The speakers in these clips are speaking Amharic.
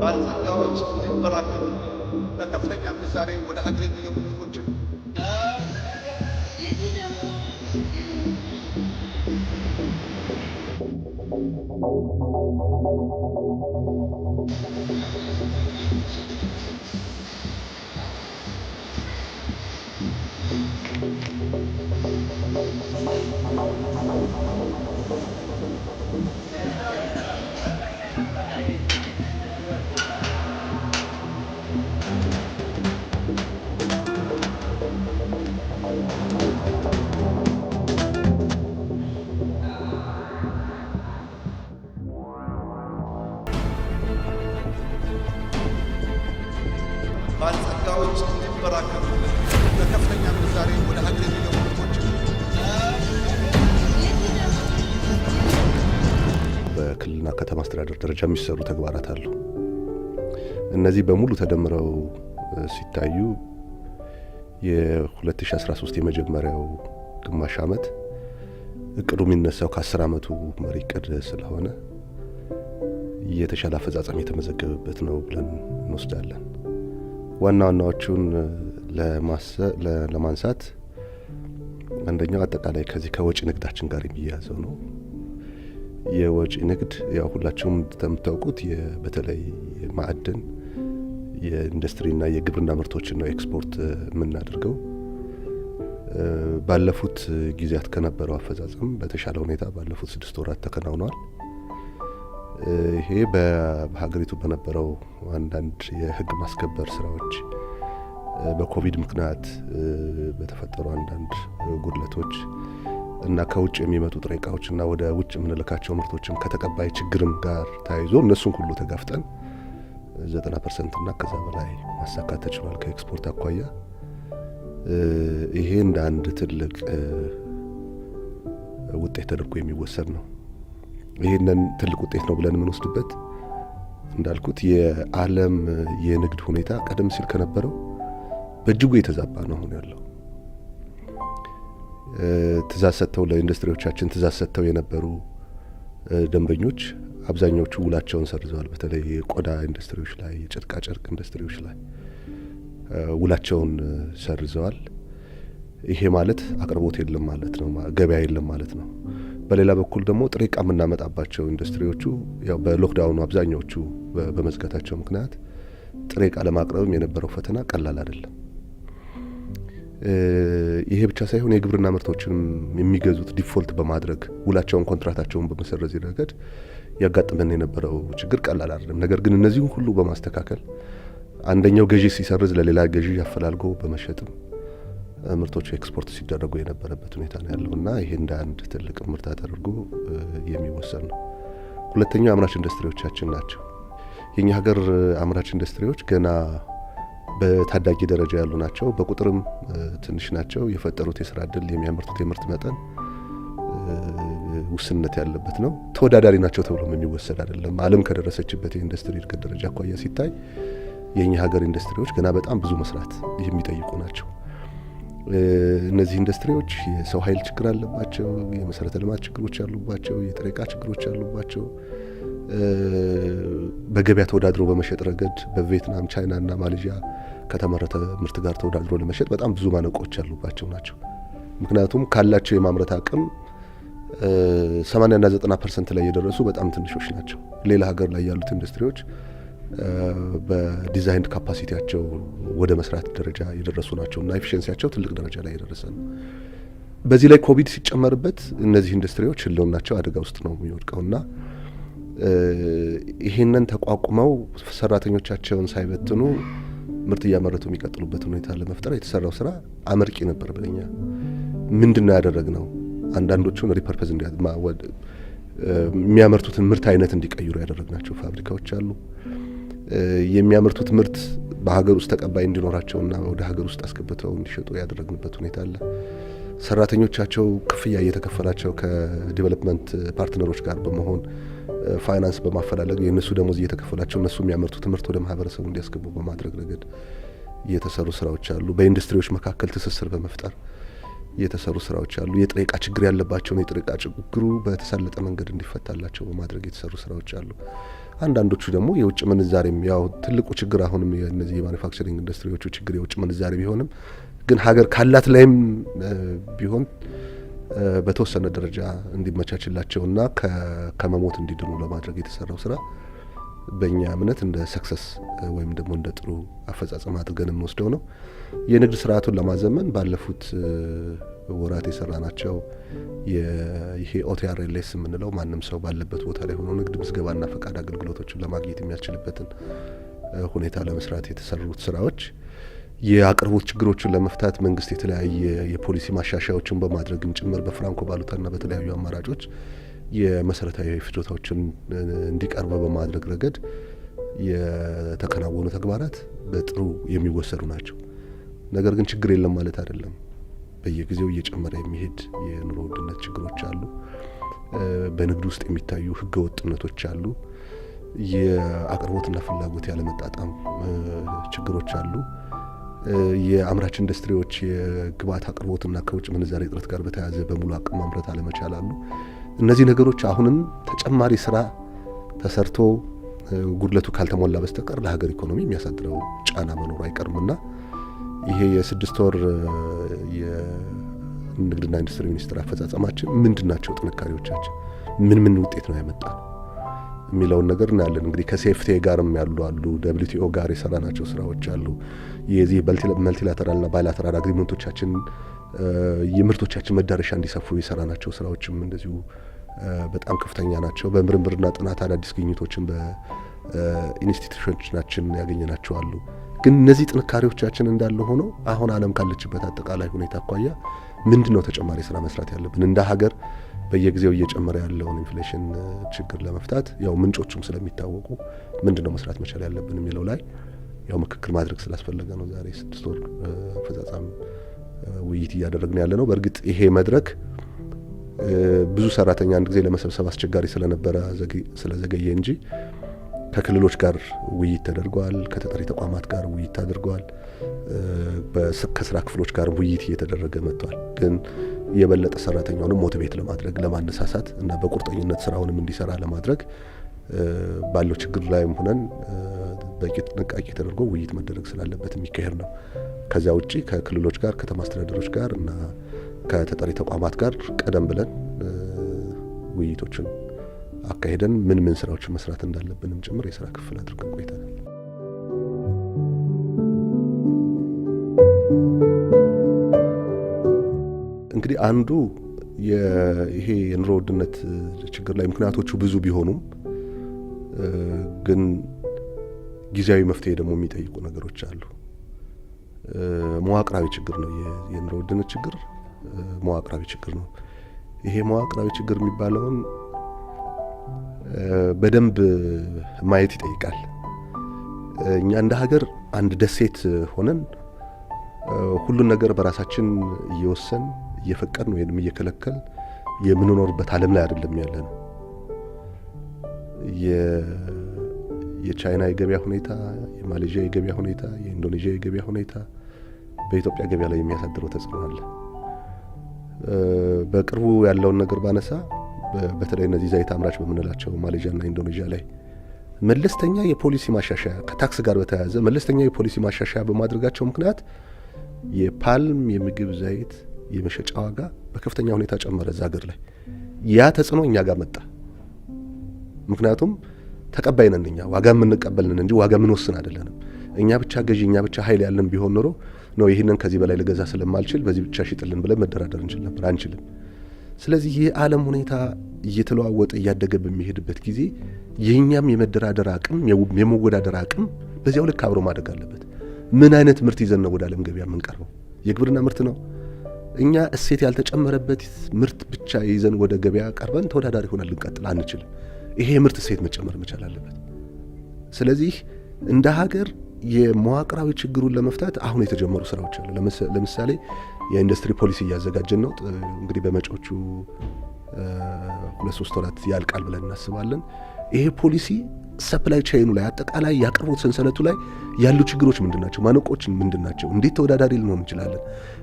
ባለጸጋዎች ሊበራከቱ በከፍተኛ ምሳሌ ወደ አገር የሚገቡ すごい。ደረጃ የሚሰሩ ተግባራት አሉ። እነዚህ በሙሉ ተደምረው ሲታዩ የ2013 የመጀመሪያው ግማሽ ዓመት እቅዱ የሚነሳው ከ10 ዓመቱ መሪ እቅድ ስለሆነ የተሻለ አፈጻጸም የተመዘገበበት ነው ብለን እንወስዳለን። ዋና ዋናዎቹን ለማንሳት አንደኛው አጠቃላይ ከዚህ ከወጪ ንግዳችን ጋር የሚያያዘው ነው። የወጪ ንግድ ያው ሁላችሁም እንደምታውቁት በተለይ ማዕድን የኢንዱስትሪና የግብርና ምርቶችን ነው ኤክስፖርት የምናደርገው። ባለፉት ጊዜያት ከነበረው አፈጻጸም በተሻለ ሁኔታ ባለፉት ስድስት ወራት ተከናውኗል። ይሄ በሀገሪቱ በነበረው አንዳንድ የህግ ማስከበር ስራዎች በኮቪድ ምክንያት በተፈጠሩ አንዳንድ ጉድለቶች እና ከውጭ የሚመጡ ጥሬ እና ወደ ውጭ የምንልካቸው ምርቶችም ከተቀባይ ችግርም ጋር ተያይዞ እነሱን ሁሉ ተጋፍጠን 90 ፐርሰንት እና ከዛ በላይ ማሳካት ተችሏል ከኤክስፖርት አኳያ። ይሄ እንደ አንድ ትልቅ ውጤት ተደርጎ የሚወሰድ ነው። ይህንን ትልቅ ውጤት ነው ብለን የምንወስድበት እንዳልኩት የዓለም የንግድ ሁኔታ ቀደም ሲል ከነበረው በእጅጉ የተዛባ ነው አሁን ያለው። ትእዛዝ ሰጥተው ለኢንዱስትሪዎቻችን ትእዛዝ ሰጥተው የነበሩ ደንበኞች አብዛኛዎቹ ውላቸውን ሰርዘዋል። በተለይ የቆዳ ኢንዱስትሪዎች ላይ፣ የጨርቃጨርቅ ኢንዱስትሪዎች ላይ ውላቸውን ሰርዘዋል። ይሄ ማለት አቅርቦት የለም ማለት ነው፣ ገበያ የለም ማለት ነው። በሌላ በኩል ደግሞ ጥሬ የምናመጣባቸው ኢንዱስትሪዎቹ ያው በሎክዳውኑ አብዛኛዎቹ በመዝጋታቸው ምክንያት ጥሬ ለማቅረብም የነበረው ፈተና ቀላል አይደለም። ይሄ ብቻ ሳይሆን የግብርና ምርቶችንም የሚገዙት ዲፎልት በማድረግ ውላቸውን ኮንትራታቸውን በመሰረዝ ረገድ ያጋጥመን የነበረው ችግር ቀላል አይደለም። ነገር ግን እነዚህን ሁሉ በማስተካከል አንደኛው ገዢ ሲሰርዝ ለሌላ ገዢ አፈላልጎ በመሸጥም ምርቶቹ ኤክስፖርት ሲደረጉ የነበረበት ሁኔታ ነው ያለው እና ይሄ እንደ አንድ ትልቅ ምርት ተደርጎ የሚወሰድ ነው። ሁለተኛው አምራች ኢንዱስትሪዎቻችን ናቸው። የኛ ሀገር አምራች ኢንዱስትሪዎች ገና በታዳጊ ደረጃ ያሉ ናቸው። በቁጥርም ትንሽ ናቸው። የፈጠሩት የስራ እድል፣ የሚያመርቱት የምርት መጠን ውስንነት ያለበት ነው። ተወዳዳሪ ናቸው ተብሎ የሚወሰድ አይደለም። ዓለም ከደረሰችበት የኢንዱስትሪ እድገት ደረጃ አኳያ ሲታይ የእኛ ሀገር ኢንዱስትሪዎች ገና በጣም ብዙ መስራት የሚጠይቁ ናቸው። እነዚህ ኢንዱስትሪዎች የሰው ኃይል ችግር አለባቸው። የመሰረተ ልማት ችግሮች አሉባቸው። የጥሬ እቃ ችግሮች አሉባቸው። በገበያ ተወዳድሮ በመሸጥ ረገድ በቪየትናም፣ ቻይና እና ማሌዥያ ከተመረተ ምርት ጋር ተወዳድሮ ለመሸጥ በጣም ብዙ ማነቆች ያሉባቸው ናቸው። ምክንያቱም ካላቸው የማምረት አቅም 80ና 90 ፐርሰንት ላይ የደረሱ በጣም ትንሾች ናቸው። ሌላ ሀገር ላይ ያሉት ኢንዱስትሪዎች በዲዛይን ካፓሲቲያቸው ወደ መስራት ደረጃ የደረሱ ናቸው እና ኤፊሽንሲያቸው ትልቅ ደረጃ ላይ የደረሰ ነው። በዚህ ላይ ኮቪድ ሲጨመርበት እነዚህ ኢንዱስትሪዎች ህልውናቸው አደጋ ውስጥ ነው የሚወድቀው እና ይህንን ተቋቁመው ሰራተኞቻቸውን ሳይበትኑ ምርት እያመረቱ የሚቀጥሉበት ሁኔታ ለመፍጠር የተሰራው ስራ አመርቂ ነበር። ብለኛ ምንድን ነው ያደረግነው? አንዳንዶቹን ሪፐርፐዝ የሚያመርቱትን ምርት አይነት እንዲቀይሩ ያደረግናቸው ፋብሪካዎች አሉ። የሚያመርቱት ምርት በሀገር ውስጥ ተቀባይ እንዲኖራቸውና ወደ ሀገር ውስጥ አስገብተው እንዲሸጡ ያደረግንበት ሁኔታ አለ። ሰራተኞቻቸው ክፍያ እየተከፈላቸው ከዲቨሎፕመንት ፓርትነሮች ጋር በመሆን ፋይናንስ በማፈላለግ የእነሱ ደሞዝ እየተከፈላቸው እነሱ የሚያመርቱ ትምህርት ወደ ማህበረሰቡ እንዲያስገቡ በማድረግ ረገድ እየተሰሩ ስራዎች አሉ። በኢንዱስትሪዎች መካከል ትስስር በመፍጠር የተሰሩ ስራዎች አሉ። የጥሬ ዕቃ ችግር ያለባቸውን የጥሬ ዕቃ ችግሩ በተሳለጠ መንገድ እንዲፈታላቸው በማድረግ የተሰሩ ስራዎች አሉ። አንዳንዶቹ ደግሞ የውጭ ምንዛሬም ያው ትልቁ ችግር አሁንም የነዚህ የማኒፋክቸሪንግ ኢንዱስትሪዎቹ ችግር የውጭ ምንዛሬ ቢሆንም ግን ሀገር ካላት ላይም ቢሆን በተወሰነ ደረጃ እንዲመቻችላቸውና ከመሞት እንዲድኑ ለማድረግ የተሰራው ስራ በእኛ እምነት እንደ ሰክሰስ ወይም ደግሞ እንደ ጥሩ አፈጻጸም አድርገን የምንወስደው ነው። የንግድ ስርዓቱን ለማዘመን ባለፉት ወራት የሰራ ናቸው። ይሄ ኦቲአርኤልኤስ የምንለው ማንም ሰው ባለበት ቦታ ላይ ሆኖ ንግድ ምዝገባና ፈቃድ አገልግሎቶችን ለማግኘት የሚያስችልበትን ሁኔታ ለመስራት የተሰሩት ስራዎች የአቅርቦት ችግሮችን ለመፍታት መንግስት የተለያየ የፖሊሲ ማሻሻያዎችን በማድረግም ጭምር በፍራንኮ ባሉታና በተለያዩ አማራጮች የመሰረታዊ ፍጆታዎችን እንዲቀርቡ በማድረግ ረገድ የተከናወኑ ተግባራት በጥሩ የሚወሰዱ ናቸው። ነገር ግን ችግር የለም ማለት አይደለም። በየጊዜው እየጨመረ የሚሄድ የኑሮ ውድነት ችግሮች አሉ። በንግድ ውስጥ የሚታዩ ህገ ወጥነቶች አሉ። የአቅርቦትና ፍላጎት ያለመጣጣም ችግሮች አሉ። የአምራች ኢንዱስትሪዎች የግብዓት አቅርቦትና ከውጭ ምንዛሬ እጥረት ጋር በተያያዘ በሙሉ አቅም ማምረት አለመቻል አሉ። እነዚህ ነገሮች አሁንም ተጨማሪ ስራ ተሰርቶ ጉድለቱ ካልተሞላ በስተቀር ለሀገር ኢኮኖሚ የሚያሳድረው ጫና መኖሩ አይቀርምና ይሄ የስድስት ወር የንግድና ኢንዱስትሪ ሚኒስቴር አፈጻጸማችን ምንድን ናቸው? ጥንካሬዎቻችን ምን ምን ውጤት ነው ያመጣል? የሚለውን ነገር እናያለን። እንግዲህ ከሴፍቲ ጋርም ያሉ አሉ፣ ደብሊውቲኦ ጋር የሰራናቸው ስራዎች አሉ። የዚህ መልቲላተራልና ባይላተራል አግሪመንቶቻችን የምርቶቻችን መዳረሻ እንዲሰፉ ናቸው ስራዎችም እንደዚሁ በጣም ከፍተኛ ናቸው። በምርምርና ጥናት አዳዲስ ግኝቶችን በኢንስቲትዩሽኖቻችን ያገኘናቸው አሉ። ግን እነዚህ ጥንካሬዎቻችን እንዳለ ሆኖ አሁን ዓለም ካለችበት አጠቃላይ ሁኔታ አኳያ ምንድን ነው ተጨማሪ ስራ መስራት ያለብን እንደ ሀገር በየጊዜው እየጨመረ ያለውን ኢንፍሌሽን ችግር ለመፍታት ያው ምንጮቹም ስለሚታወቁ ምንድን ነው መስራት መቻል ያለብን የሚለው ላይ ያው ምክክር ማድረግ ስላስፈለገ ነው ዛሬ ስድስት ወር አፈጻጸም ውይይት እያደረግን ያለ ነው። በእርግጥ ይሄ መድረክ ብዙ ሰራተኛ አንድ ጊዜ ለመሰብሰብ አስቸጋሪ ስለነበረ ስለዘገየ እንጂ ከክልሎች ጋር ውይይት ተደርጓል። ከተጠሪ ተቋማት ጋር ውይይት ተደርጓል። ከስራ ክፍሎች ጋር ውይይት እየተደረገ መጥቷል። ግን የበለጠ ሰራተኛውንም ሞቲቬት ለማድረግ ለማነሳሳት እና በቁርጠኝነት ስራውንም እንዲሰራ ለማድረግ ባለው ችግር ላይም ሆነን በቂ ጥንቃቄ ተደርጎ ውይይት መደረግ ስላለበት የሚካሄድ ነው። ከዚያ ውጭ ከክልሎች ጋር ከተማ አስተዳደሮች ጋር እና ከተጠሪ ተቋማት ጋር ቀደም ብለን ውይይቶችን አካሄደን ምን ምን ስራዎችን መስራት እንዳለብንም ጭምር የስራ ክፍል አድርገን ቆይተናል። እንግዲህ አንዱ ይሄ የኑሮ ውድነት ችግር ላይ ምክንያቶቹ ብዙ ቢሆኑም ግን ጊዜያዊ መፍትሄ ደግሞ የሚጠይቁ ነገሮች አሉ። መዋቅራዊ ችግር ነው። የኑሮ ውድነት ችግር መዋቅራዊ ችግር ነው። ይሄ መዋቅራዊ ችግር የሚባለውን በደንብ ማየት ይጠይቃል። እኛ እንደ ሀገር አንድ ደሴት ሆነን ሁሉን ነገር በራሳችን እየወሰን እየፈቀድን ወይም እየከለከል የምንኖርበት ዓለም ላይ አይደለም ያለ ነው። የቻይና የገበያ ሁኔታ፣ የማሌዥያ የገበያ ሁኔታ፣ የኢንዶኔዥያ የገበያ ሁኔታ በኢትዮጵያ ገበያ ላይ የሚያሳድረው ተጽዕኖ አለ። በቅርቡ ያለውን ነገር ባነሳ በተለይ እነዚህ ዘይት አምራች በምንላቸው ማሌዥያና ኢንዶኔዥያ ላይ መለስተኛ የፖሊሲ ማሻሻያ ከታክስ ጋር በተያያዘ መለስተኛ የፖሊሲ ማሻሻያ በማድረጋቸው ምክንያት የፓልም የምግብ ዘይት የመሸጫ ዋጋ በከፍተኛ ሁኔታ ጨመረ እዛ ሀገር ላይ። ያ ተጽዕኖ እኛ ጋር መጣ። ምክንያቱም ተቀባይ ነን እኛ ዋጋ የምንቀበል እንጂ ዋጋ የምንወስን አይደለንም። እኛ ብቻ ገዢ እኛ ብቻ ኃይል ያለን ቢሆን ኖሮ ነው ይህንን ከዚህ በላይ ልገዛ ስለማልችል በዚህ ብቻ ሽጥልን ብለን መደራደር እንችል ነበር፣ አንችልም። ስለዚህ ይህ ሁኔታ እየተለዋወጠ እያደገ በሚሄድበት ጊዜ የእኛም የመደራደር አቅም የመወዳደር አቅም በዚያው ልክ አብሮ ማደግ አለበት። ምን አይነት ምርት ይዘን ነው ወደ ዓለም ገበያ የምንቀርበው? የግብርና ምርት ነው። እኛ እሴት ያልተጨመረበት ምርት ብቻ ይዘን ወደ ገበያ ቀርበን ተወዳዳሪ ሆነን ልንቀጥል አንችልም። ይሄ የምርት እሴት መጨመር መቻል አለበት። ስለዚህ እንደ ሀገር የመዋቅራዊ ችግሩን ለመፍታት አሁን የተጀመሩ ስራዎች አሉ። ለምሳሌ የኢንዱስትሪ ፖሊሲ እያዘጋጀን ነው። እንግዲህ በመጪዎቹ ሁለት ሶስት ወራት ያልቃል ብለን እናስባለን። ይሄ ፖሊሲ ሰፕላይ ቼኑ ላይ አጠቃላይ የአቅርቦት ሰንሰለቱ ላይ ያሉ ችግሮች ምንድን ናቸው? ማነቆች ምንድን ናቸው? እንዴት ተወዳዳሪ ልንሆን እንችላለን?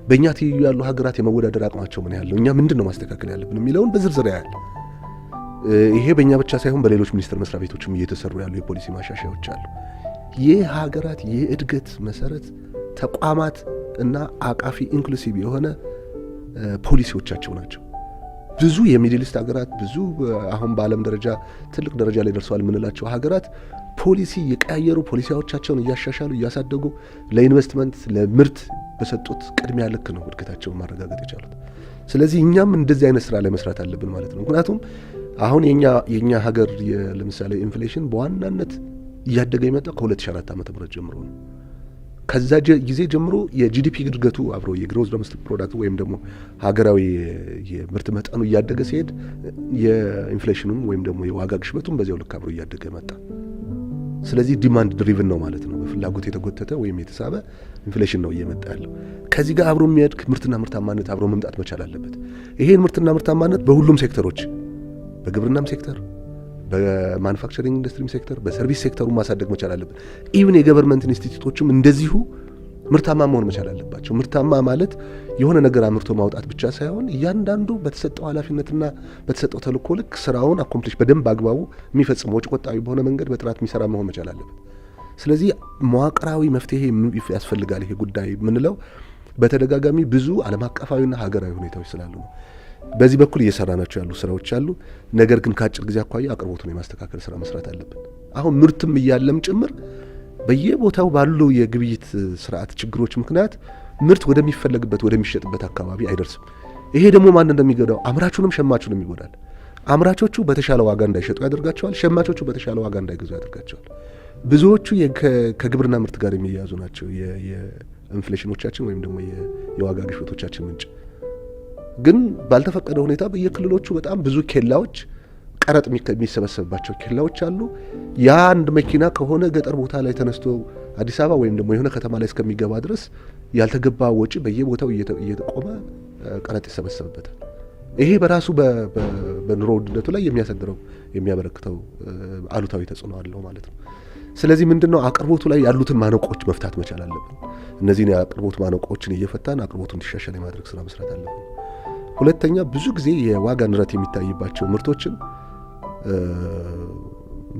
በእኛ ትይዩ ያሉ ሀገራት የመወዳደር አቅማቸው ምን ያለው፣ እኛ ምንድን ነው ማስተካከል ያለብን የሚለውን በዝርዝር ያያል። ይሄ በእኛ ብቻ ሳይሆን በሌሎች ሚኒስቴር መስሪያ ቤቶችም እየተሰሩ ያሉ የፖሊሲ ማሻሻያዎች አሉ። የሀገራት የእድገት መሰረት ተቋማት እና አቃፊ ኢንክሉሲቭ የሆነ ፖሊሲዎቻቸው ናቸው። ብዙ የሚድል ሀገራት ብዙ አሁን በአለም ደረጃ ትልቅ ደረጃ ላይ ደርሰዋል የምንላቸው ሀገራት ፖሊሲ የቀያየሩ ፖሊሲዎቻቸውን እያሻሻሉ እያሳደጉ ለኢንቨስትመንት ለምርት በሰጡት ቅድሚያ ልክ ነው እድገታቸውን ማረጋገጥ የቻሉት። ስለዚህ እኛም እንደዚህ አይነት ስራ ላይ መስራት አለብን ማለት ነው። ምክንያቱም አሁን የኛ ሀገር ለምሳሌ ኢንፍሌሽን በዋናነት እያደገ የመጣው ከ2004 ዓ ም ጀምሮ ነው። ከዛ ጊዜ ጀምሮ የጂዲፒ እድገቱ አብሮ የግሮዝ ዶሜስቲክ ፕሮዳክት ወይም ደግሞ ሀገራዊ የምርት መጠኑ እያደገ ሲሄድ የኢንፍሌሽኑም ወይም ደግሞ የዋጋ ግሽበቱም በዚያው ልክ አብሮ እያደገ መጣ። ስለዚህ ዲማንድ ድሪቭን ነው ማለት ነው። በፍላጎት የተጎተተ ወይም የተሳበ ኢንፍሌሽን ነው እየመጣ ያለው። ከዚህ ጋር አብሮ የሚያድግ ምርትና ምርታማነት አብሮ መምጣት መቻል አለበት። ይሄን ምርትና ምርታማነት በሁሉም ሴክተሮች፣ በግብርናም ሴክተር በማኑፋክቸሪንግ ኢንዱስትሪ ሴክተር፣ በሰርቪስ ሴክተሩ ማሳደግ መቻል አለብን። ኢቭን የገቨርንመንት ኢንስቲትዩቶችም እንደዚሁ ምርታማ መሆን መቻል አለባቸው። ምርታማ ማለት የሆነ ነገር አምርቶ ማውጣት ብቻ ሳይሆን እያንዳንዱ በተሰጠው ኃላፊነትና በተሰጠው ተልእኮ ልክ ስራውን አኮምፕሊሽ በደንብ አግባቡ የሚፈጽሙ ወጭ ቆጣቢ በሆነ መንገድ በጥራት የሚሰራ መሆን መቻል አለበት። ስለዚህ መዋቅራዊ መፍትሄ ያስፈልጋል። ይሄ ጉዳይ የምንለው በተደጋጋሚ ብዙ ዓለም አቀፋዊና ሀገራዊ ሁኔታዎች ስላሉ ነው። በዚህ በኩል እየሰራናቸው ያሉ ስራዎች አሉ። ነገር ግን ከአጭር ጊዜ አኳያ አቅርቦቱን የማስተካከል ስራ መስራት አለብን። አሁን ምርትም እያለም ጭምር በየቦታው ባሉ የግብይት ስርዓት ችግሮች ምክንያት ምርት ወደሚፈለግበት ወደሚሸጥበት አካባቢ አይደርስም። ይሄ ደግሞ ማን እንደሚጎዳው አምራቹንም ሸማቹንም ይጎዳል። አምራቾቹ በተሻለ ዋጋ እንዳይሸጡ ያደርጋቸዋል። ሸማቾቹ በተሻለ ዋጋ እንዳይገዙ ያደርጋቸዋል። ብዙዎቹ ከግብርና ምርት ጋር የሚያያዙ ናቸው። የኢንፍሌሽኖቻችን ወይም ደግሞ የዋጋ ግሽበቶቻችን ምንጭ ግን ባልተፈቀደ ሁኔታ በየክልሎቹ በጣም ብዙ ኬላዎች ቀረጥ የሚሰበሰብባቸው ኬላዎች አሉ። ያ አንድ መኪና ከሆነ ገጠር ቦታ ላይ ተነስቶ አዲስ አበባ ወይም ደግሞ የሆነ ከተማ ላይ እስከሚገባ ድረስ ያልተገባ ወጪ በየቦታው እየተቆመ ቀረጥ ይሰበሰብበታል። ይሄ በራሱ በኑሮ ውድነቱ ላይ የሚያሳድረው የሚያበረክተው አሉታዊ ተጽዕኖ አለው ማለት ነው። ስለዚህ ምንድን ነው አቅርቦቱ ላይ ያሉትን ማነቆች መፍታት መቻል አለብን። እነዚህን የአቅርቦት ማነቆችን እየፈታን አቅርቦቱ እንዲሻሻል የማድረግ ስራ መስራት አለብን። ሁለተኛ ብዙ ጊዜ የዋጋ ንረት የሚታይባቸው ምርቶችን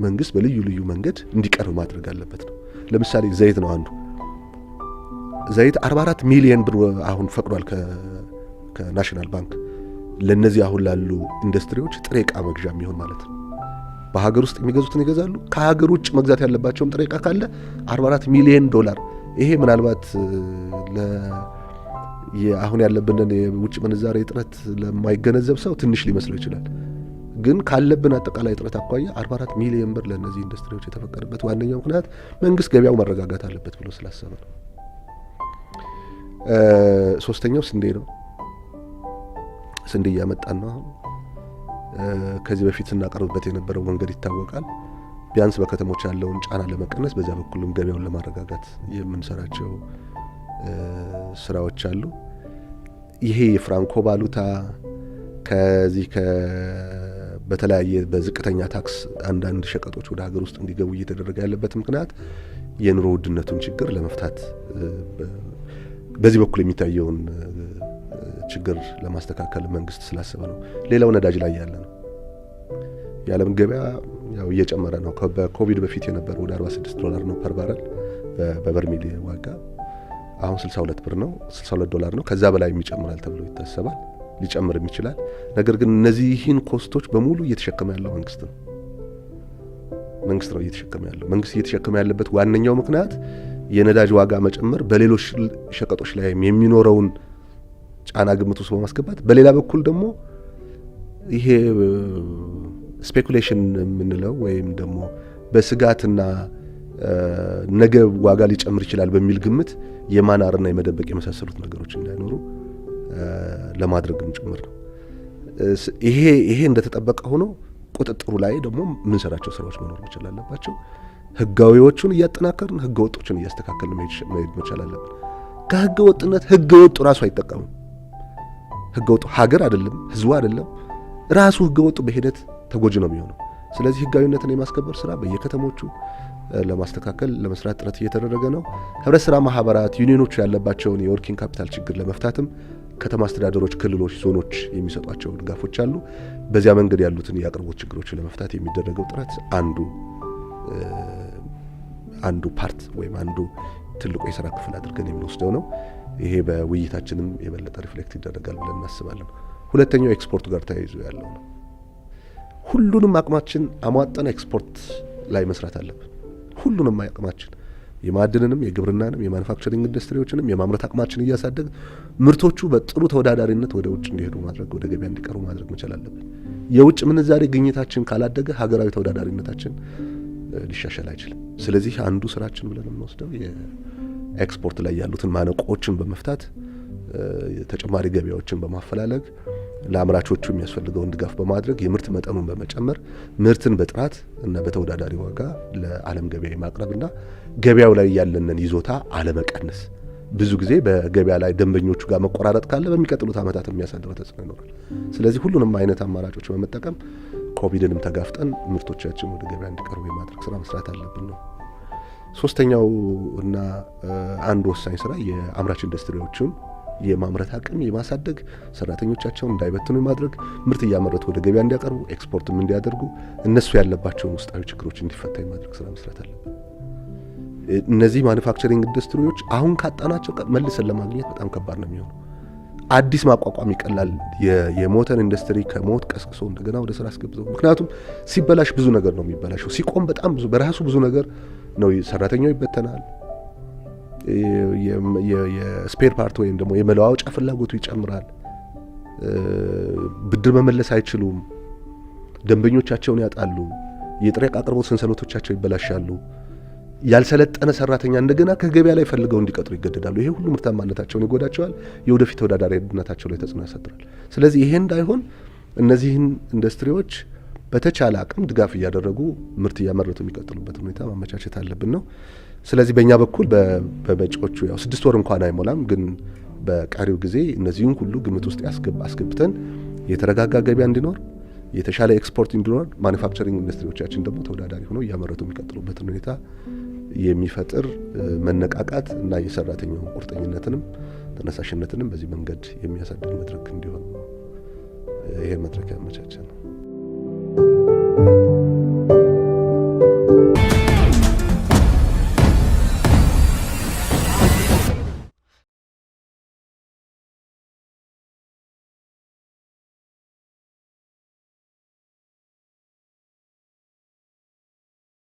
መንግስት በልዩ ልዩ መንገድ እንዲቀርብ ማድረግ አለበት ነው። ለምሳሌ ዘይት ነው አንዱ። ዘይት 44 ሚሊየን ብር አሁን ፈቅዷል ከናሽናል ባንክ ለእነዚህ አሁን ላሉ ኢንዱስትሪዎች ጥሬ እቃ መግዣ የሚሆን ማለት ነው። በሀገር ውስጥ የሚገዙትን ይገዛሉ። ከሀገር ውጭ መግዛት ያለባቸውም ጥሬ እቃ ካለ 44 ሚሊየን ዶላር ይሄ ምናልባት አሁን ያለብንን የውጭ ምንዛሬ እጥረት ለማይገነዘብ ሰው ትንሽ ሊመስለው ይችላል። ግን ካለብን አጠቃላይ እጥረት አኳያ 44 ሚሊዮን ብር ለእነዚህ ኢንዱስትሪዎች የተፈቀደበት ዋነኛው ምክንያት መንግስት ገበያው መረጋጋት አለበት ብሎ ስላሰበ ነው። ሶስተኛው ስንዴ ነው። ስንዴ እያመጣን ነው። አሁን ከዚህ በፊት ስናቀርብበት የነበረው መንገድ ይታወቃል። ቢያንስ በከተሞች ያለውን ጫና ለመቀነስ በዚያ በኩልም ገበያውን ለማረጋጋት የምንሰራቸው ስራዎች አሉ። ይሄ የፍራንኮ ባሉታ ከዚህ በተለያየ በዝቅተኛ ታክስ አንዳንድ ሸቀጦች ወደ ሀገር ውስጥ እንዲገቡ እየተደረገ ያለበት ምክንያት የኑሮ ውድነቱን ችግር ለመፍታት በዚህ በኩል የሚታየውን ችግር ለማስተካከል መንግስት ስላሰበ ነው። ሌላው ነዳጅ ላይ ያለ ነው። የዓለም ገበያ ያው እየጨመረ ነው። በኮቪድ በፊት የነበረ ወደ 46 ዶላር ነው ፐርባረል ባረል በበርሜል ዋጋ አሁን 62 ብር ነው 62 ዶላር ነው። ከዛ በላይ ይጨምራል ተብሎ ይታሰባል። ሊጨምርም ይችላል። ነገር ግን እነዚህን ኮስቶች በሙሉ እየተሸከመ ያለው መንግስት ነው። መንግስት ነው እየተሸከመ ያለው። መንግስት እየተሸከመ ያለበት ዋነኛው ምክንያት የነዳጅ ዋጋ መጨመር በሌሎች ሸቀጦች ላይ የሚኖረውን ጫና ግምት ውስጥ በማስገባት በሌላ በኩል ደግሞ ይሄ ስፔኩሌሽን የምንለው ወይም ደግሞ በስጋትና ነገ ዋጋ ሊጨምር ይችላል በሚል ግምት የማናርና የመደበቅ የመሳሰሉት ነገሮች እንዳይኖሩ ለማድረግም ጭምር ነው። ይሄ ይሄ እንደተጠበቀ ሆኖ ቁጥጥሩ ላይ ደግሞ የምንሰራቸው ስራዎች መኖር መቻል አለባቸው። ህጋዊዎቹን እያጠናከርን ህገ ወጦችን እያስተካከልን መሄድ መቻል አለብን። ከህገ ወጥነት ህገ ወጡ ራሱ አይጠቀምም። ህገ ወጡ ሀገር አይደለም፣ ህዝቡ አይደለም፣ ራሱ ህገ ወጡ በሂደት ተጎጂ ነው የሚሆነው። ስለዚህ ህጋዊነትን የማስከበር ስራ በየከተሞቹ ለማስተካከል ለመስራት ጥረት እየተደረገ ነው። ህብረት ስራ ማህበራት ዩኒዮኖች ያለባቸውን የወርኪንግ ካፒታል ችግር ለመፍታትም ከተማ አስተዳደሮች፣ ክልሎች፣ ዞኖች የሚሰጧቸው ድጋፎች አሉ። በዚያ መንገድ ያሉትን የአቅርቦት ችግሮችን ለመፍታት የሚደረገው ጥረት አንዱ አንዱ ፓርት ወይም አንዱ ትልቁ የስራ ክፍል አድርገን የምንወስደው ነው። ይሄ በውይይታችንም የበለጠ ሪፍሌክት ይደረጋል ብለን እናስባለን። ሁለተኛው ኤክስፖርት ጋር ተያይዞ ያለው ነው። ሁሉንም አቅማችን አሟጠን ኤክስፖርት ላይ መስራት አለብን። ሁሉንም አቅማችን የማዕድንንም የግብርናንም የማኑፋክቸሪንግ ኢንዱስትሪዎችንም የማምረት አቅማችን እያሳደግ ምርቶቹ በጥሩ ተወዳዳሪነት ወደ ውጭ እንዲሄዱ ማድረግ ወደ ገበያ እንዲቀርቡ ማድረግ መቻል አለብን። የውጭ ምንዛሬ ግኝታችን ካላደገ ሀገራዊ ተወዳዳሪነታችን ሊሻሻል አይችልም። ስለዚህ አንዱ ስራችን ብለን የምንወስደው የኤክስፖርት ላይ ያሉትን ማነቆዎችን በመፍታት ተጨማሪ ገበያዎችን በማፈላለግ ለአምራቾቹ የሚያስፈልገውን ድጋፍ በማድረግ የምርት መጠኑን በመጨመር ምርትን በጥራት እና በተወዳዳሪ ዋጋ ለዓለም ገበያ ማቅረብና ገበያው ላይ ያለንን ይዞታ አለመቀነስ። ብዙ ጊዜ በገበያ ላይ ደንበኞቹ ጋር መቆራረጥ ካለ በሚቀጥሉት ዓመታት የሚያሳድረው ተጽዕኖ ይኖራል። ስለዚህ ሁሉንም አይነት አማራጮች በመጠቀም ኮቪድንም ተጋፍጠን ምርቶቻችን ወደ ገበያ እንዲቀርቡ የማድረግ ስራ መስራት አለብን ነው። ሶስተኛው እና አንድ ወሳኝ ስራ የአምራች ኢንዱስትሪዎችን የማምረት አቅም የማሳደግ ሰራተኞቻቸውን እንዳይበትኑ የማድረግ ምርት እያመረቱ ወደ ገበያ እንዲያቀርቡ ኤክስፖርትም እንዲያደርጉ እነሱ ያለባቸውን ውስጣዊ ችግሮች እንዲፈታ የማድረግ ስራ መስራት አለብን። እነዚህ ማኑፋክቸሪንግ ኢንዱስትሪዎች አሁን ካጣናቸው መልሰን ለማግኘት በጣም ከባድ ነው የሚሆኑ አዲስ ማቋቋም ይቀላል። የሞተን ኢንዱስትሪ ከሞት ቀስቅሶ እንደገና ወደ ስራ አስገብዘው። ምክንያቱም ሲበላሽ ብዙ ነገር ነው የሚበላሸው። ሲቆም በጣም ብዙ በራሱ ብዙ ነገር ነው። ሰራተኛው ይበተናል። የስፔር ፓርት ወይም ደግሞ የመለዋወጫ ፍላጎቱ ይጨምራል። ብድር መመለስ አይችሉም። ደንበኞቻቸውን ያጣሉ። የጥሬ ዕቃ አቅርቦት ሰንሰለቶቻቸው ይበላሻሉ። ያልሰለጠነ ሰራተኛ እንደገና ከገበያ ላይ ፈልገው እንዲቀጥሩ ይገደዳሉ። ይሄ ሁሉ ምርታማነታቸውን ይጎዳቸዋል። የወደፊት ተወዳዳሪነታቸው ላይ ተጽዕኖ ያሳድራል። ስለዚህ ይሄ እንዳይሆን እነዚህን ኢንዱስትሪዎች በተቻለ አቅም ድጋፍ እያደረጉ ምርት እያመረቱ የሚቀጥሉበት ሁኔታ ማመቻቸት አለብን ነው። ስለዚህ በእኛ በኩል በመጪዎቹ ያው ስድስት ወር እንኳን አይሞላም፣ ግን በቀሪው ጊዜ እነዚህን ሁሉ ግምት ውስጥ አስገብተን የተረጋጋ ገበያ እንዲኖር የተሻለ ኤክስፖርት እንዲኖር ማኒፋክቸሪንግ ኢንዱስትሪዎቻችን ደግሞ ተወዳዳሪ ሆነው እያመረቱ የሚቀጥሉበትን ሁኔታ የሚፈጥር መነቃቃት እና የሰራተኛውን ቁርጠኝነትንም ተነሳሽነትንም በዚህ መንገድ የሚያሳድግ መድረክ እንዲሆን ይሄን መድረክ ያመቻቸ ነው። thank you.